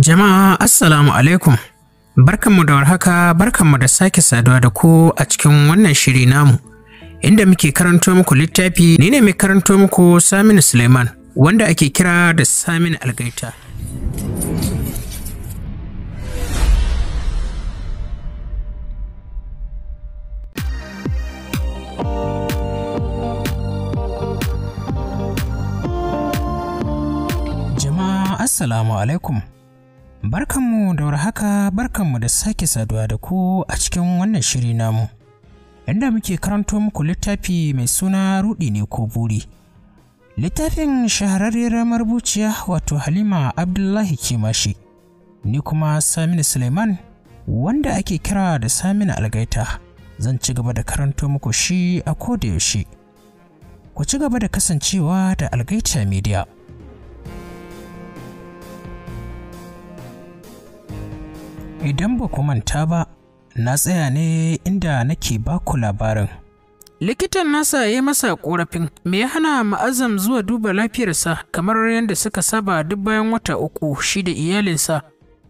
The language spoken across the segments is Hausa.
Jama'a Assalamu alaikum. Barkanmu da warhaka, barkanmu da sake saduwa da ku a cikin wannan shiri namu. Inda muke karanto muku littafi, ni ne mai karanto muku Saminu Suleiman, wanda ake kira da Saminu Algaita. Jama'a Assalamu alaikum. Barkanmu da warhaka, barkanmu da sake saduwa da ku a cikin wannan shiri namu. Inda muke karanto muku littafi mai suna Rudi ne ko buri. Littafin shahararriyar marubuciya wato Halima Abdullahi Kimashi, ni kuma Saminu Suleiman wanda ake kira da Saminu Algaita. Zan ci gaba da karanto muku shi a koda yaushe. Ku ci gaba da kasancewa da Algaita Media. Idan ba ku manta ba, na tsaya ne inda nake baku labarin. Likitan nasa ya masa korafin me ya hana ma'azam zuwa duba lafiyarsa kamar yadda suka saba duk bayan wata uku shi da iyalinsa.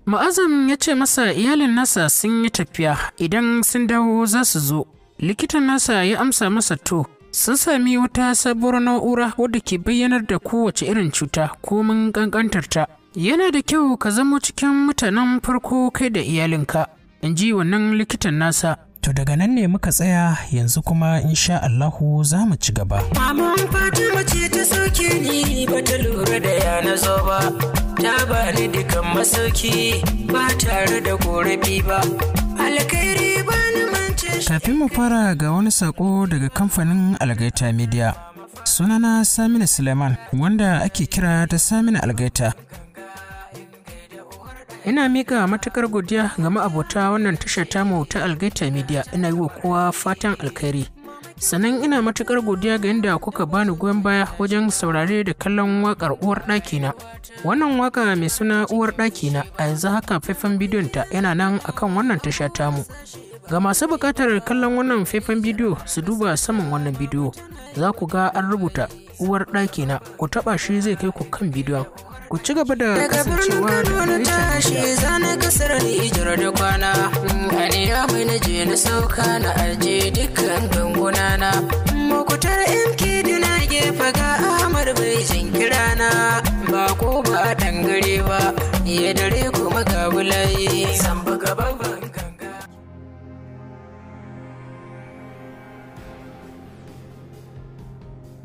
Ma'azam ya ce masa iyalin nasa sun yi tafiya idan sun dawo za su zo. Likitan nasa ya amsa masa to, sun sami wata sabuwar na'ura wadda ke bayyanar da kowace irin cuta ko komin ƙanƙantarta yana da kyau ka zama cikin mutanen farko kai da iyalinka in ji wannan likitan nasa to daga nan ne muka tsaya yanzu kuma in sha Allahu za mu ci gaba maman fatima ce ta sauke ni ba lura da yana zo ba ta ba ni dukan masauki ba tare da korafi ba alkhairi ba ni Kafin mu fara ga wani sako daga kamfanin Algaita Media. Sunana Saminu Suleiman wanda ake kira ta Saminu Algaita. Ina mika matukar godiya ga ma'abota wannan tashar tamu ta Algaita Media ina yi wa kowa fatan alkhairi. Sannan ina matukar godiya ga yadda kuka bani goyon baya wajen saurare da kallon wakar uwar ɗakina. Wannan waka mai suna uwar ɗakina a yanzu haka faifan bidiyon ta yana nan akan wannan tasha tamu. Ga masu buƙatar kallon wannan faifan bidiyo su duba saman wannan bidiyo za ku ga an rubuta uwar ɗaki na ku taɓa shi zai kai ku kan bidiyon. Ku ci gaba da kasancewa da da kwana mm, a mai na je na sauka na aje dukkan ganguna na. Makutar MK na gefe ga Ahmad bai jinkira na ba ko ba ɗangare ba ya dare kuma ga bulaye. Samba gaba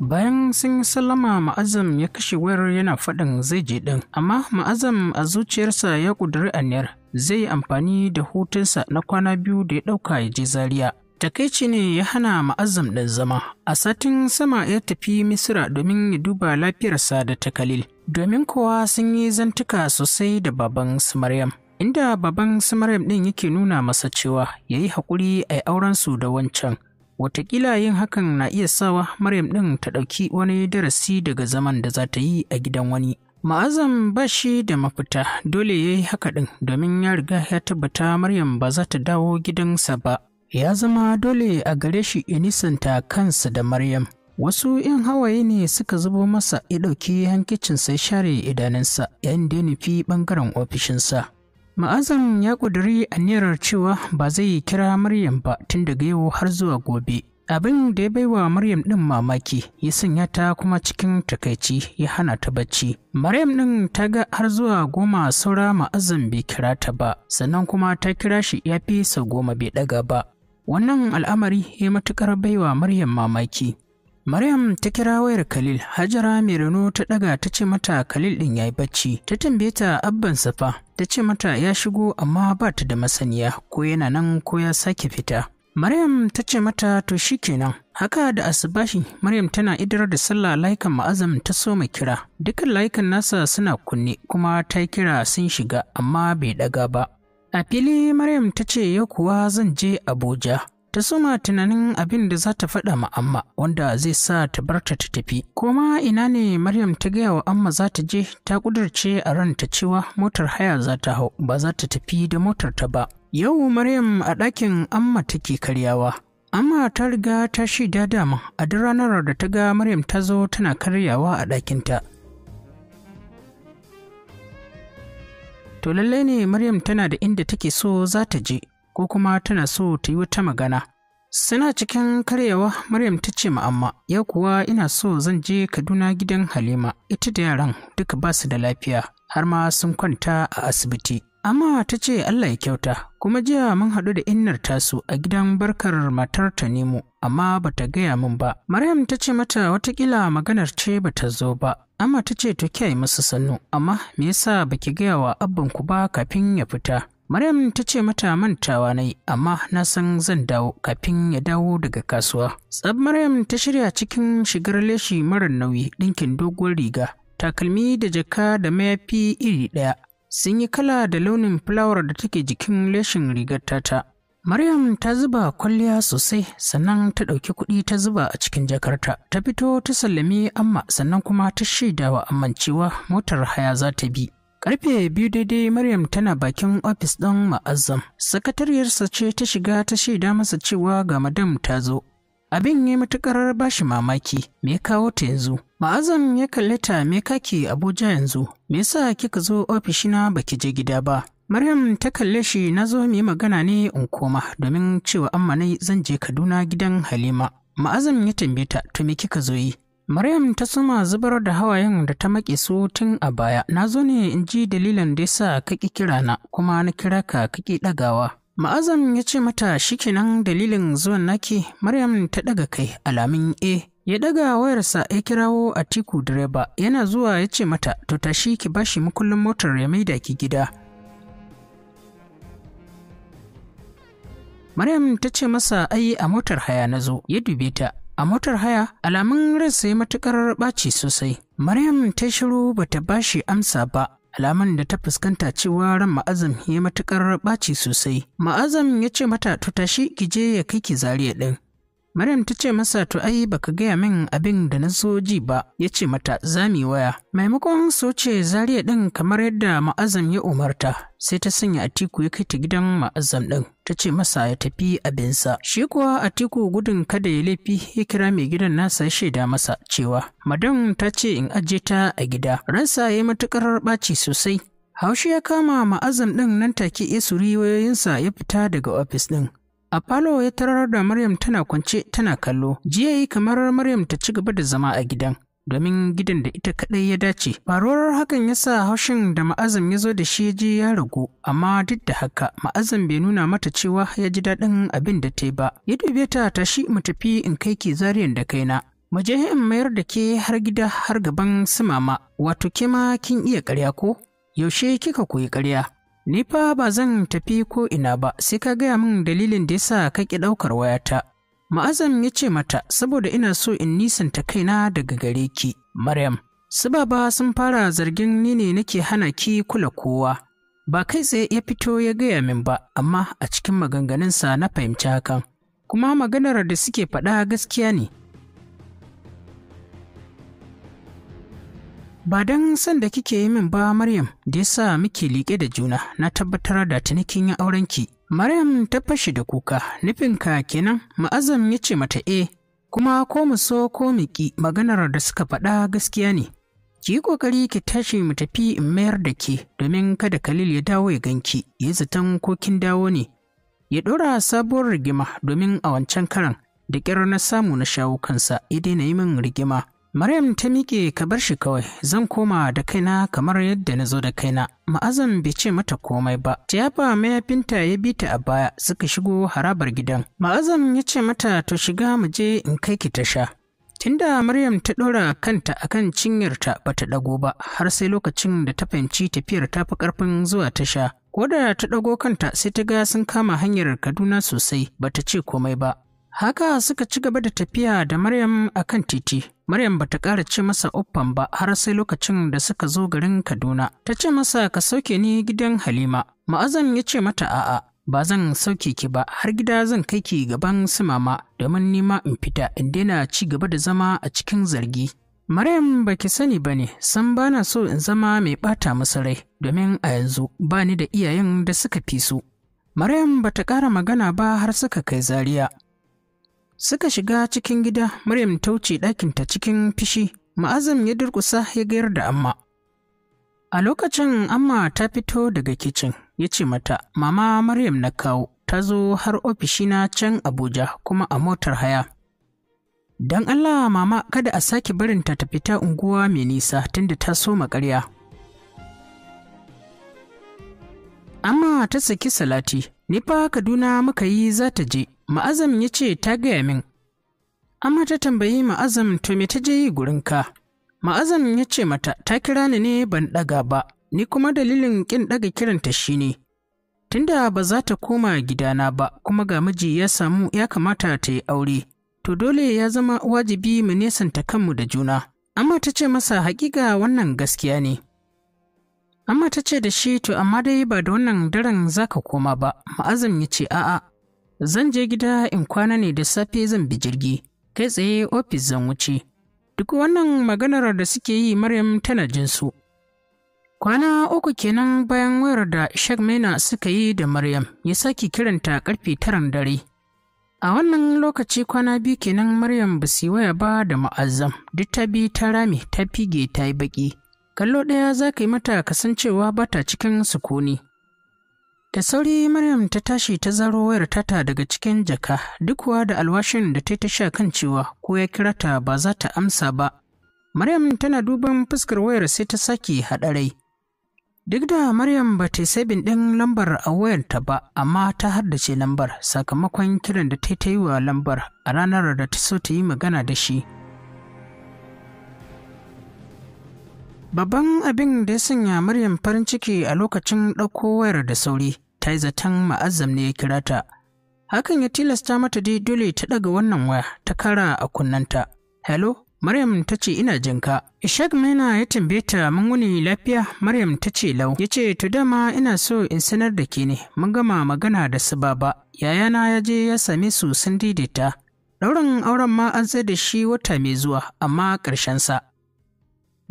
bayan sun yi sallama ma'azam ya kashe wayar yana faɗin zai je ɗin amma ma'azam a zuciyarsa ya ƙudiri aniyar zai yi amfani da hutunsa na kwana biyu da ya ɗauka ya je zaria takaici ne ya hana ma'azam ɗin zama a satin sama ya tafi misira domin ya duba lafiyarsa da takalil domin kowa sun yi zantuka sosai da baban su maryam inda baban su maryam ɗin yake nuna masa cewa ya yi haƙuri a aurensu da wancan Wataƙila yin hakan na iya sawa Maryam ɗin ta ɗauki wani darasi daga zaman da za ta yi a gidan wani. Ma'azam ba shi da mafita dole ya yi haka ɗin domin ya riga ya tabbata Maryam ba za ta dawo gidansa ba. Ya zama dole a gare shi ya nisanta kansa da Maryam. Wasu ‘yan hawaye ne suka zubo masa ya ɗauki hankicinsa ya share idanunsa 'yan da ya nufi ɓangaren ofishinsa. ma'azan ya ƙudiri a aniyar cewa ba zai yi kira maryam ba tun daga yau har zuwa gobe abin da ya baiwa maryam ɗin mamaki ya sanya ta kuma cikin takaici ya hana ta bacci maryam ɗin ta ga har zuwa goma saura ma'azan bai kira ta ba sannan kuma ta kira shi ya fi sau goma bai ɗaga ba wannan al'amari ya matuƙar baiwa maryam mamaki Maryam ta kira wayar Khalil, Hajara mai rano ta ɗaga ta ce mata Khalil ɗin ya yi bacci, ta tambaye ta abban safa, ta ce mata ya shigo amma ba ta da masaniya ko yana nan ko ya sake fita. Maryam ta ce mata to shi kenan. Haka da asibashi Maryam tana idrar da sallah laikan ma'azam ta soma kira. Dukan laikan nasa suna kunne kuma ta kira sun shiga amma bai ɗaga ba. A fili Maryam ta ce yau kuwa zan je Abuja. ta suma tunanin abin da za ta faɗa ma amma wanda zai sa ta bar ta tafi koma ina ne maryam ta gaya wa amma za ta je ta ƙudurce a ranta cewa motar haya za ta hau ba za ta tafi da motar ta ba yau maryam a ɗakin amma take karyawa amma ta riga ta shi da dama a duk ranar da ta ga maryam ta zo tana karyawa a ɗakin ta to lallai ne maryam tana da inda take so za ta je ko kuma tana so ta yi wata magana suna cikin karyawa maryam ta ce ma'amma ya kuwa ina so zan je kaduna gidan halima ita da yaran duk ba su da lafiya har ma sun kwanta a asibiti amma ta ce allah ya kyauta kuma jiya mun haɗu da innar tasu a gidan barkar matar ta nemo amma ba ta gaya min ba maryam ta ce mata watakila maganar ce ba ta zo ba amma ta ce to kiyaye musu sannu amma me yasa baki gaya wa abbanku ba kafin ya fita Maryam ta ce mata mantawa na amma na san zan dawo kafin ya dawo daga kasuwa. Tsab Maryam ta shirya cikin shigar leshi mara nauyi ɗinkin doguwar riga, takalmi da jaka da mayafi iri ɗaya. Sun yi kala da launin fulawar da take jikin leshin rigar tata. Maryam ta zuba kwalliya sosai sannan ta ɗauki kuɗi ta zuba a cikin jakarta. Ta fito ta sallami amma sannan kuma ta shaidawa amincewa motar haya za ta bi. Karfe biyu daidai Maryam tana bakin ofis ɗin ma'azzam. Sakatariyarsa ce ta shiga ta shaida masa cewa ga madam ta zo. Abin ya matuƙar bashi mamaki, me kawo ta yanzu? Ma'azam ya kalli ta me kake Abuja yanzu? Me yasa kika zo ofishina baki je gida ba? Maryam ta kalle shi na zo mu yi magana ne in koma domin cewa amma zan je Kaduna gidan Halima. Ma'azam ya tambaye ta to me kika zo yi? Maryam ta suma zubar da hawayen da ta maƙe su tun a baya. Na zo ne in ji dalilan da yasa sa kira na kuma na kira ka ka ɗagawa. Ma'azam ya ce mata shikenan dalilin zuwan naki Maryam ta ɗaga kai alamin A. Ya ɗaga wayarsa ya kirawo a tiku direba yana zuwa ya ce mata to tashi ki bashi mukullin motar ya maida ki gida. Maryam ta ce masa ai a motar haya na zo, ya dube ta, a motar haya alamun ransa ya matukar ɓaci sosai maryam ta shiru bata bashi amsa ba alamun da ta fuskanta cewa ran ma'azam ya matukar ɓaci sosai ma'azam ya ce mata to tashi ki je ya kai ki zariya ɗin Maryam ta ce masa to ai baka gaya min abin da na so ji ba, ya ce mata zami waya. Maimakon so ce zariya ɗin kamar yadda ma'azam ya umarta, sai ta sanya Atiku ya kai ta gidan ma'azam ɗin. Ta ce masa ya tafi abinsa. Shi kuwa Atiku gudun kada ya laifi ya kira mai gidan nasa ya shaida masa cewa, Madam ta ce in aje ta a gida. Ransa ya yi matuƙar ɓaci sosai. Haushe ya kama ma'azam ɗin nan take ya suri wayoyinsa ya fita daga ofis ɗin. A falo ya tarar da Maryam tana kwance tana kallo. Jiya yi kamar Maryam ta ci gaba da zama a gidan. Domin gidan da ita kaɗai ya dace. Faruwar hakan ya sa haushin da ma'azam ya zo da shi ji ya ragu, amma duk da haka ma'azam bai nuna mata cewa ya ji daɗin abin da ta ba. Ya dube ta tashi mu tafi in kai ke zariyan da kaina. Maje in mayar da ke har gida har gaban su wato ke ma kin iya karya ko? Yaushe kika koyi karya? Ni fa ba zan tafi ko ina ba, sai ka gaya min dalilin da yasa kake ɗaukar wayata. Ma'azam ya ce mata, saboda ina so in nisanta kaina daga gare ki, Maryam. Su baba sun fara zargin ni ne nake hana ki kula kowa. Ba kai tsaye ya fito ya gaya min ba, amma a cikin maganganunsa na fahimci hakan. Kuma maganar da suke faɗa gaskiya ne. Ba don san da kike yi min ba Maryam da ya sa muke liƙe da juna na tabbatar da tunikin ya aurenki. Maryam ta fashe da kuka nufinka kenan ma'azam ya ce mata e kuma ko mu so ko mu ki maganar da suka faɗa gaskiya ne. Ki yi ƙoƙari ki tashi mu tafi in mayar da ke domin kada Khalil ya dawo ya ganki ya zaton ko kin dawo ne. Ya ɗora sabuwar rigima domin a wancan karan da ƙirar na samu na shawo kansa ya daina yi min rigima. Maryam ta miƙe ka bar shi kawai, zan koma da kaina kamar yadda na zo da kaina. Ma'azan bai ce mata komai ba. Tiyafa mayafinta ya bi ta a baya suka shigo harabar gidan. Ma'azan ya ce mata to shiga mu je in kai ki ta sha. Tunda Maryam ta ɗora kanta akan cinyarta ba ta ɗago ba har sai lokacin da ta fahimci tafiyar ta fi ƙarfin zuwa ta sha. Koda ta ɗago kanta sai ta ga sun kama hanyar Kaduna sosai ba ta ce komai ba. Haka suka ci gaba da tafiya da Maryam akan titi. Maryam bata ƙara ce masa uffan ba har sai lokacin da suka zo garin Kaduna. Ta ce masa ka sauke ni gidan Halima. Ma'azan ya ce mata a'a ba zan sauke ki ba har gida zan kai ki gaban su mama domin nima in fita in daina ci gaba da zama a cikin zargi. Maryam ba ki sani ba ne, san ba na so in zama mai ɓata masa rai domin a yanzu ba ni da iyayen da suka fi su. Maryam bata ƙara magana ba har suka kai zariya Suka shiga cikin gida, Maryam ta wuce ɗakinta cikin fishi, ma'azam ya durƙusa ya gayar da amma. A lokacin amma ta fito daga kicin, ya ce mata, Mama Maryam na kawo, ta zo har ofishina can Abuja kuma a motar haya. Don Allah mama kada a sake barinta ta fita unguwa mai nisa tunda ta so makarya. Amma ta saki salati Ni fa Kaduna muka yi za ta je, ma'azam ya ce ta gaya min. Amma ta tambayi ma'azam to me ta je yi gurinka? Ma'azam ya ce mata ta kira ni ne ban ɗaga ba, ni kuma dalilin ƙin ɗaga kiranta shi ne. Tunda ba za ta koma gidana ba, kuma ga miji ya samu ya kamata ta yi aure, to dole ya zama wajibi mu nesanta kanmu da juna. Amma ta ce masa haƙiƙa wannan gaskiya ne. Amma ta ce da shi to amma dai ba da wannan daren zaka koma ba, Ma'azin ya ce a'a. Zan je gida in kwana ne da safe zan bi jirgi, kai tsaye ofis zan wuce. Duk wannan maganar da suke yi Maryam tana jin su. Kwana uku kenan bayan wayar da Sheikh Maina suka yi da Maryam ya sake kiranta karfe taran dare. A wannan lokaci kwana biyu kenan Maryam ba su waya ba da ma'azam duk ta bi ta rame ta fige ta yi baƙi. kallo ɗaya za ka yi mata kasancewa ba ta cikin sukuni da sauri maryam ta tashi ta zaro wayar tata daga cikin jaka duk wa da alwashin da ta ta sha kan cewa ko ya kira ta ba za ta amsa ba maryam tana duban fuskar wayar sai ta sake haɗarai duk da maryam ba ta sabin ɗin lambar a wayarta ba amma ta haddace lambar sakamakon kiran da ta yi wa lambar a ranar da ta so ta yi magana da shi Babban abin da ya sanya Maryam farin ciki a lokacin ɗauko wayar da sauri, ta yi zaton ma'azzam ne ya kira ta. Hakan ya tilasta mata dai dole ta ɗaga wannan waya ta kara a kunnanta. Hello, Maryam ta ce ina jinka. Ishak Maina ya tambaye ta mun wuni lafiya, Maryam ta ce lau. Ya ce to dama ina so in sanar da ke ne, mun gama magana da su baba. Yayana ya je ya same su sun daidaita. Ɗaurin auren ma an tsaye da shi wata mai zuwa, amma ƙarshensa.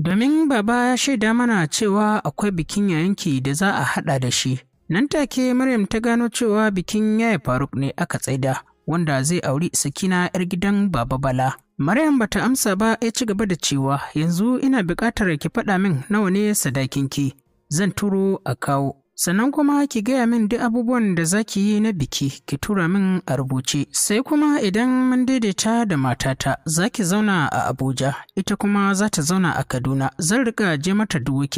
Domin baba ya shaida mana cewa akwai bikin yayanki da za a haɗa da shi. Nan take Maryam ta gano cewa bikin yaya Faruk ne aka tsaida, wanda zai auri Sakina 'yar gidan Baba Bala. Maryam bata amsa ba ya ci gaba da cewa yanzu ina bukatar ki faɗa min nawa ne sadakinki. Zan turo a kawo. sannan kuma ki gaya min duk abubuwan da za ki yi na biki ki tura min a rubuce sai kuma idan mun daidaita da matata za ki zauna a abuja ita kuma za ta zauna a kaduna zan riƙa je mata duk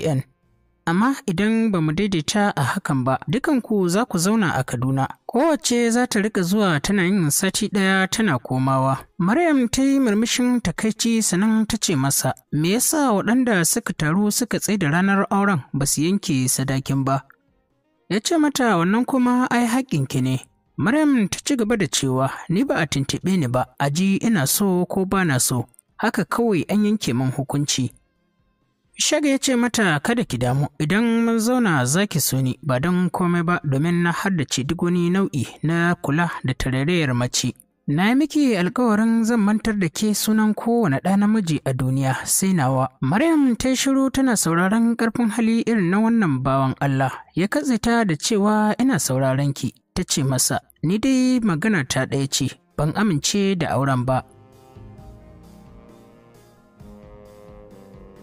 amma idan ba mu daidaita a hakan ba dukanku za ku zauna a kaduna kowace za ta rika zuwa tana yin sati ɗaya tana komawa maryam ta yi murmushin takaici sannan ta ce masa me yasa waɗanda suka taru suka tsaye da ranar auren ba su yanke sadakin ba ya ce mata wannan kuma ai haƙƙinki ne. Maryam ta ci gaba da cewa ni ba a tuntuɓe ni ba a ji ina so ko ba na so haka kawai an yanke min hukunci. Shaga ya ce mata kada ki damu idan mun zauna za ki so ni ba don komai ba domin na haddace duk wani nau'i na kula da tarayyar mace. Na yi miki alkawarin zan mantar da ke sunan kowane ɗa namiji a duniya sai nawa. Maryam ta shiru tana sauraron ƙarfin hali irin na wannan bawan Allah, ya katse ta da cewa ina sauraron ki, ta ce masa, ni dai magana ta ɗaya ce, ban amince da auren ba.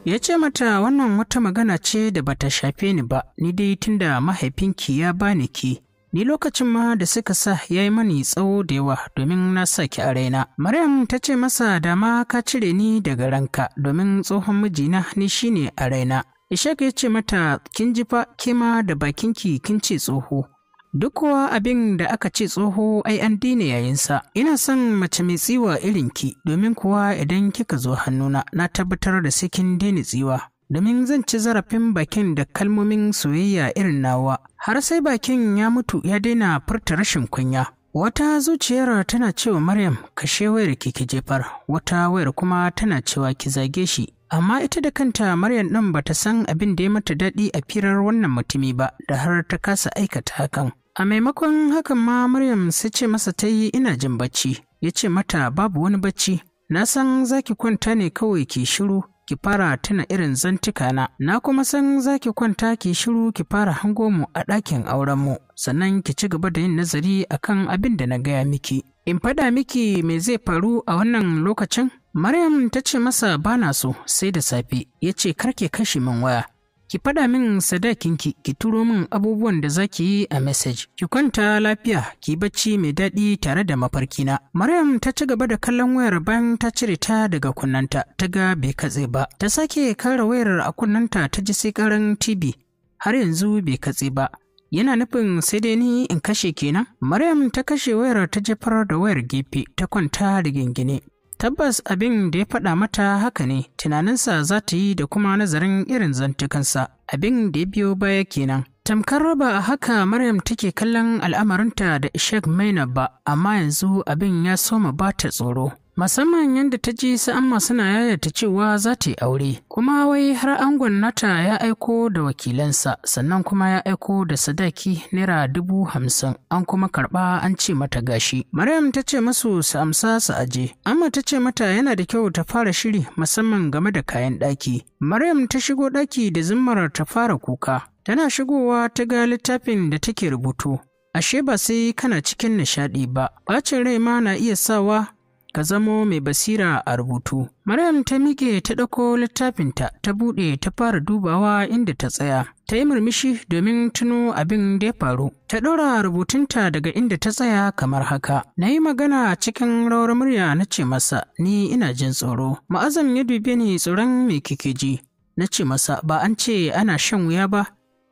Ya ce mata wannan wata magana ce da bata shafe ni ba, ni dai tunda mahaifinki ya bani ki, Ni lokacin ma da suka sa ya yi mani tsawo da yawa domin na saki a raina. Maryam ta ce masa dama ka cire ni daga ranka domin tsohon mijina ni shine a raina. Ishaq ya ce mata kin ji fa kima da bakinki kin ce tsoho. Duk kuwa abin da aka ce tsoho ai an dina yayinsa. Ina son mace mai tsiwa irin ki domin kuwa idan kika zo hannuna na tabbatar da sai kin daina tsiwa. domin zan ci zarafin bakin da kalmomin soyayya irin nawa har sai bakin ya mutu ya daina furta rashin kunya wata zuciyar tana cewa maryam kashe wayar ki ki jefar wata wayar kuma tana cewa ki zage shi amma ita da kanta maryam ɗin ta san abin da ya mata daɗi a firar wannan mutumi ba da har ta kasa aikata hakan A maimakon hakan ma Maryam sai ce masa ta yi ina jin bacci, ya ce mata babu wani bacci, na san za ki kwanta ne kawai ki shiru, ki fara tuna irin zantuka na na kuma san za ki kwanta ki shiru ki fara hango mu a ɗakin auren mu sannan ki ci gaba da yin nazari akan abin da na gaya miki in faɗa miki me zai faru a wannan lokacin Maryam ta ce masa bana so sai da safe ya ce karke kashe min waya ki faɗa min sadakinki ki turo min abubuwan da za ki yi a message ki kwanta lafiya ki bacci mai daɗi tare da mafarkina maryam ta ci gaba da kallon wayar bayan ta cire ta daga kunnanta ta ga bai katse ba ta sake kara wayar a kunnanta ta ji sai karan tv har yanzu bai katse ba yana nufin sai dai ni in kashe kenan maryam ta kashe wayar ta jefar da wayar gefe ta kwanta da gingine Tabbas abin da ya faɗa mata haka ne, tunaninsa za ta yi da kuma nazarin irin zantukansa, abin da ya biyo baya kenan. Tamkar raba a haka Maryam take kallon al'amarinta da Ishaq Maina ba, amma yanzu abin ya soma ba ta tsoro. musamman yadda ta ji sa'amma suna yayata cewa za ta yi aure kuma wai har angon nata ya aiko da wakilansa sannan kuma ya aiko da sadaki naira dubu hamsin an kuma karɓa an ce mata gashi maryam ta ce masu su amsa su aje amma ta ce mata yana da kyau ta fara shiri musamman game da kayan ɗaki maryam ta shigo ɗaki da zimmar ta fara kuka tana shigowa ta ga littafin da take rubutu ashe ba sai kana cikin nishaɗi ba ɓacin rai ma na iya sawa ka zamo mai basira a rubutu. Maryam ta miƙe ta ɗauko littafinta ta buɗe ta fara dubawa inda ta tsaya. Ta yi murmushi domin tuno abin da ya faru. Ta ɗora rubutunta daga inda ta tsaya kamar haka. Na yi magana cikin rawar murya na ce masa ni ina jin tsoro. Ma'azam ya dube ni tsoron mai kike ji. Na ce masa ba an ce ana shan wuya ba.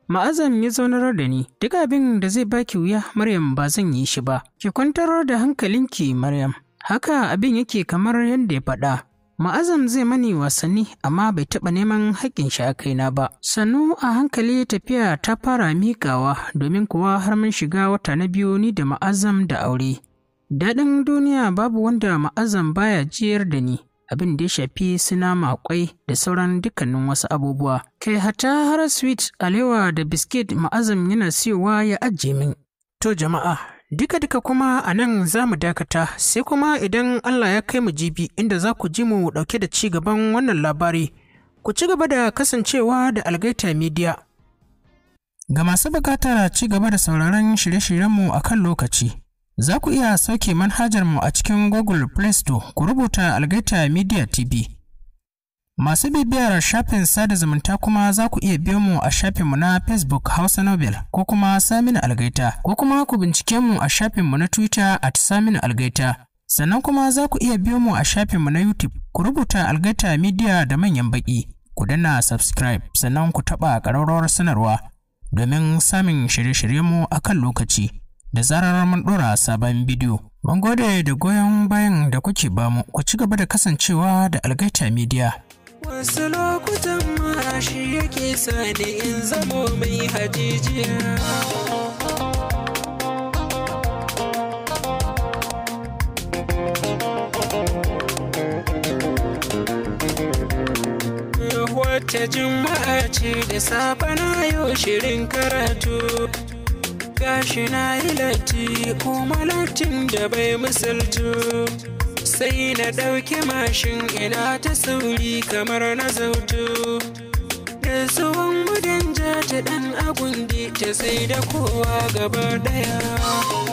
Ma'azam ya zaunar da ni, duk abin da zai baki wuya Maryam ba zan yi shi ba, ki kwantar da hankalinki Maryam, Haka abin yake kamar yadda ya faɗa. Ma'azam zai mani wasanni amma bai taɓa neman haƙƙin shi a kaina ba. Sannu a hankali tafiya ta fara miƙawa domin kuwa har mun shiga wata na biyu ni da ma'azam da aure. Daɗin duniya babu wanda ma'azam baya jiyar da ni. abin da ya shafi suna makwai da sauran dukkanin wasu abubuwa. Kai hata har sweet alewa da biskit ma'azam yana siyowa ya ajiye min. To jama'a, Duka-duka kuma a nan za mu dakata sai kuma idan Allah ya kai mu jibi inda za ku ji mu ɗauke da ci gaban wannan labari. Ku ci gaba da kasancewa da Algaita Media. Ga masu bukatar ci gaba da sauraron shirye-shiryenmu a kan lokaci, za ku iya sauke manhajarmu a cikin Google Play Store ku rubuta Algaita Media TV. Masu bibiyar shafin sada zumunta kuma za ku iya biyo mu a shafinmu na Facebook Hausa Nobel ko kuma Saminu Algaita ko kuma ku bincike mu a shafin mu na Twitter at Saminu Algaita. Sannan kuma za ku iya biyo mu a shafinmu na YouTube ku rubuta Algaita Media da manyan baki. Ku dana subscribe sannan ku taɓa ƙararrawar sanarwa domin samun shirye-shiryenmu a kan lokaci da zarar mun ɗora sabon bidiyo. Mun gode da goyon bayan da kuke bamu ku ci gaba da kasancewa da Algaita Media. Wasu lokutan ma yake sani in zamo mai hajijiya. ta juma'a ce da safe na yau shirin karatu gashi na yi latti kuma Latin da bai misaltu sai na ɗauki mashin ina ta sauri kamar na zautu da tsohon gudun ja ta ɗan agundi ta sai da kowa gaba ɗaya